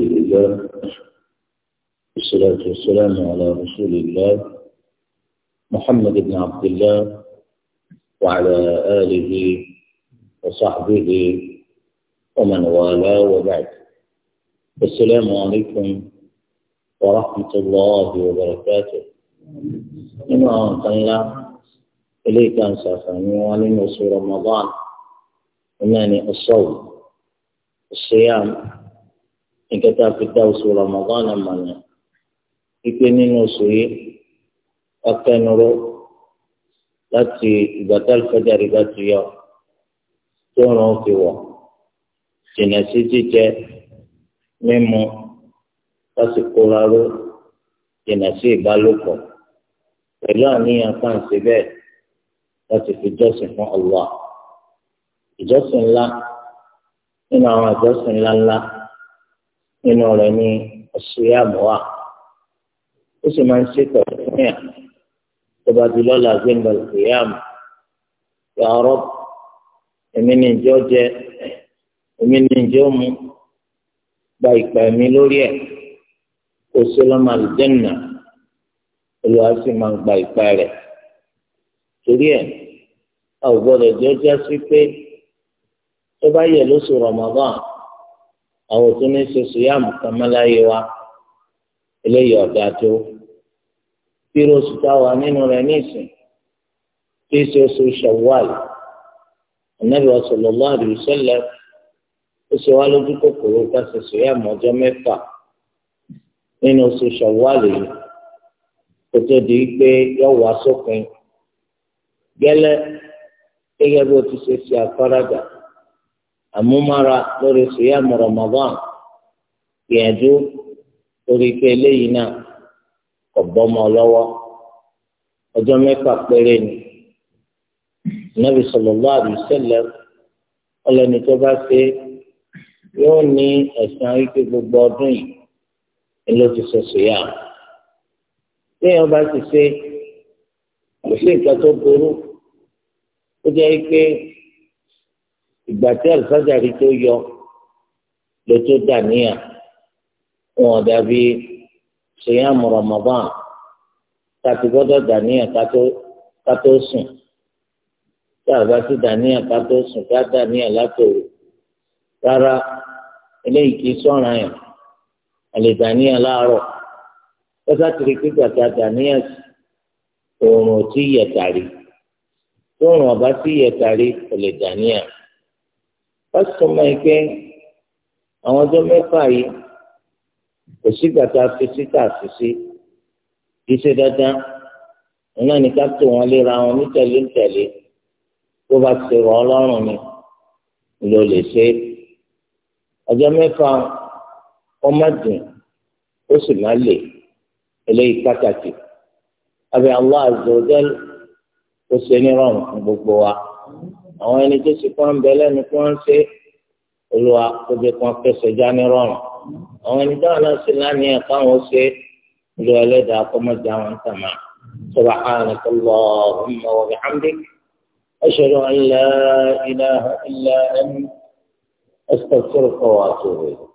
الله والصلاة والسلام على رسول الله محمد بن عبد الله وعلى آله وصحبه ومن والاه وبعد السلام عليكم ورحمة الله وبركاته إن أنقلنا إليك أن سافرني وعلم رمضان إنني الصوم الصيام nǹkan tá a fi dá oṣù Ramadan mọ̀nà wípé nínú oṣù yìí ọ̀kẹ́nuró láti ìgbà tá alifájàre bá ti yọ tó ràn án fi wọ̀ jìnnà sí jíjẹ mímu lásìkò rárá jìnnà sí ìbálòpọ̀ pẹ̀lú àníyàn pàǹsí bẹ́ẹ̀ láti fi jọ́sìn fún Allah ìjọ́sìn ńlá nínú àwọn ìjọ́sìn ńlá ńlá nínú rẹ̀ ní ọ̀ṣùyàmù wa ó sì máa ń ṣètò ìpínyà tó bá di lọ́la gbẹ̀ngàn ìṣùyàmù ya Rabb èmi ní ìjọ jẹ èmi ní ìjọ mu gba ìpè mi lórí ẹ̀ kó sí lọ́mọ àlùjẹ́nà olùwà sì máa ń gba ìpè rẹ̀ torí ẹ̀ a ò gbọ́dọ̀ jọ́jà sí pé tó bá yẹ lóṣù Ramadan àwọn tó ní soso yá mùkàmáláyé wa eléyìí ọ̀dà tó bírò sùtá wà nínú rẹ̀ nísìn tí soso ṣàwàlì ànábì sallallahu alaihi wasallam ó ṣe wá lójú kòkòrò ká soso yá mọ́jọ́ mẹ́fà nínú oṣù ṣàwàlì yìí kó tó di pé yọ wá sópin gẹ́lẹ́ gẹ́gẹ́ bí o ti ṣe ṣe àfaradà àmúmára lórí sùyàmù Ramadan gbìyànjú lórí pé eléyìí náà kò bọ́mọ lọ́wọ́ ọjọ́ mẹ́fà péré ni nàbì sallallahu alaihi wasallam ọlọ́ni tó bá ṣe yóò ní ẹ̀sán ike gbogbo ọdún yìí ló ti sọ sùyàmù téèyàn bá ti ṣe kò sí nǹkan tó burú ó jẹ́ pé ìgbà tí àlùfáàjàrí tó yọ ló tó dà níyà wọn dàbí ṣèyàn Ramadan tàbí gbọ́dọ̀ dà níyà ká tó sùn tí àlùfáà ti dà níyà ká tó sùn ká dà níyà látòrò rárá eléyìí kì í sọ̀ràn yàn àlè dà níyà láàárọ̀ lọ́sà tìrì pípa tá dà níyà oòrùn ò tí yẹ tàrí tó oòrùn tí yẹ tàrí kò lè dà níyà wọ́n sì tún mọ̀ ẹ́ pé àwọn ọjọ́ mẹ́fà yìí kò sígbà tá a fi sí tá a fi sí kì í ṣe dandan iná ní ká tó wọn léra wọn ní tẹ̀lé tẹ̀lé tó bá ti rọ̀ ọ́ ni ló lè ṣe ọjọ́ mẹ́fà wọ́n má dùn ó sì má lè eléyìí pàtàkì abẹ́ Allah azza wa ó ṣe ní rọrùn fún gbogbo wa àwọn ẹni tó ti pọ́n bẹ lẹ́nu kí wọ́n ṣe olùwà kóbi kan fẹsẹ̀ já ní rọrùn àwọn ẹni táwọn náà ṣe láàní ẹ̀ káwọn ṣe olùwà ẹlẹ́dàá kọ́mọ́jà wọn tàmá سبحانك اللهم وبحمدك أشهد أن لا إله إلا أنت أستغفرك وأتوب